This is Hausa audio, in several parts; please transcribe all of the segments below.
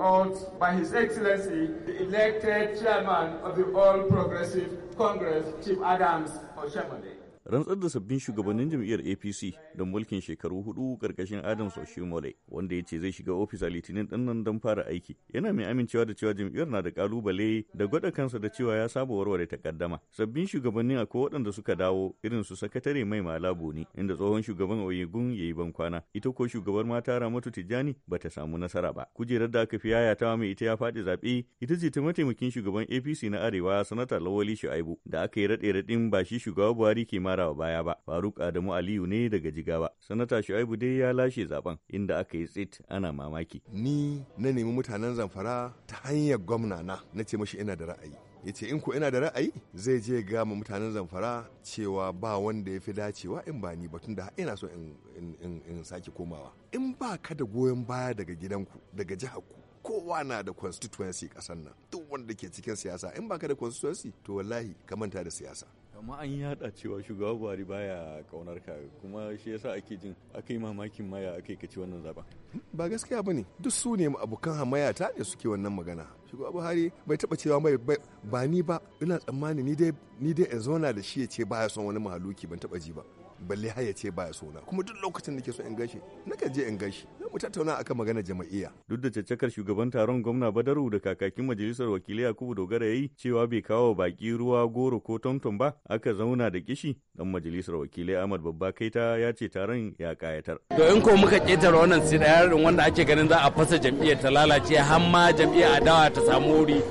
out by His Excellency, the elected chairman of the All Progressive Congress, Chief Adams Oshemole. rantsar da sabbin shugabannin jam'iyyar apc don mulkin shekaru hudu karkashin adam soshimole wanda ya ce zai shiga ofis a litinin din nan don fara aiki yana mai amincewa da cewa jam'iyyar na da kalubale da gwada kansa da cewa ya saba warware takaddama sabbin shugabannin akwai waɗanda suka dawo irin su sakatare mai malabo ne inda tsohon shugaban oyegun ya yi kwana ita ko shugabar mata ramatu tijjani ba ta samu nasara ba kujerar da aka fi yayatawa mai ita ya faɗi zaɓe ita ce ta mataimakin shugaban apc na arewa sanata lawali shu'aibu da aka yi raɗe-raɗin ba shi shugaba buhari ke mara farawa baya ba faruk adamu aliyu ne daga jigawa sanata shu'aibu dai ya lashe zaben inda aka yi tsit ana mamaki ni na nemi mutanen zamfara ta hanyar gwamna na na ce mashi ina da ra'ayi ya ce in ku ina da ra'ayi zai je ga ma mutanen zamfara cewa ba wanda ya fi dacewa in ba ni batun da ina so in sake komawa in ba ka da goyon baya daga gidanku daga jihar ku kowa na da constituency kasan nan duk wanda ke cikin siyasa in ba ka da constituency to wallahi ka manta da siyasa amma an yada cewa shugaba buhari baya kaunar ka kuma shi yasa ake jin aka yi mamakin maya aka yi kaci wannan zaben ba gaskiya bane duk su ne abokan hamaya ta da suke wannan magana shugaba buhari bai taba cewa mai ba ni ba ina tsammani ni dai ni dai zauna da shi ya ce baya son wani mahaluki ban taba ji ba balle har ya ce baya sona kuma duk lokacin da ke so in gashi nakan je in gashi mu tattauna akan magana jama'iyya duk da caccakar shugaban taron gwamna Badaru da kakakin majalisar wakilai Yakubu Dogara yayi cewa bai kawo baki ruwa goro ko tonton ba aka zauna da kishi dan majalisar wakilai Ahmad Babba Kaita ya ce taron ya kayatar to in ko muka ketare wannan da wanda ake ganin za a fasa jam'iyyar ta lalace har ma jam'iyyar adawa ta samu wuri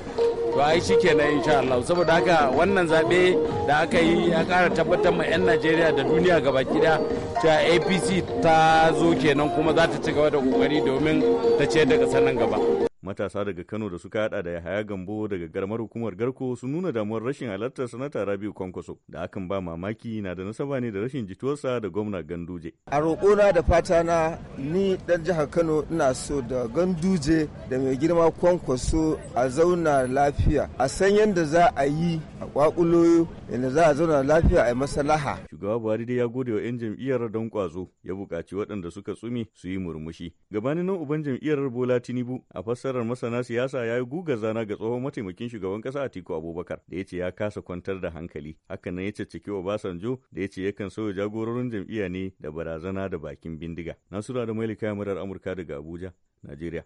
to ai kenan insha Allah saboda haka wannan zabe da aka yi ya kara tabbatar ma yan Najeriya da duniya gaba kida cewa APC ta zo kenan kuma za ta ci gaba da kokari domin ta ce daga kasar gaba matasa daga Kano da suka hada da Yahaya Gambo daga garmar hukumar Garko sun nuna damuwar rashin halartar sanata Rabiu Kwankwaso da hakan ba mamaki na da nasaba ne da rashin jituwarsa da gwamna Ganduje. A roƙona da fata na ni dan jihar Kano ina so da Ganduje da mai girma Kwankwaso a zauna lafiya a san yadda za a yi a kwakuloyo. inda za a zauna lafiya a yi Shugaba Buhari dai ya gode wa 'yan jam'iyyar don kwazo ya buƙaci waɗanda suka tsumi su yi murmushi. Gabanin nan uban jam'iyyar Bola Tinubu a fassarar masana siyasa ya yi guga zana ga tsohon mataimakin shugaban ƙasa Atiku Abubakar da ya ce ya kasa kwantar da hankali. Hakan nan ya wa Basanjo da ya ce yakan sauya jagororin jam'iyya ne da barazana da bakin bindiga. Nasura da Mailika Murar Amurka daga Abuja, Najeriya.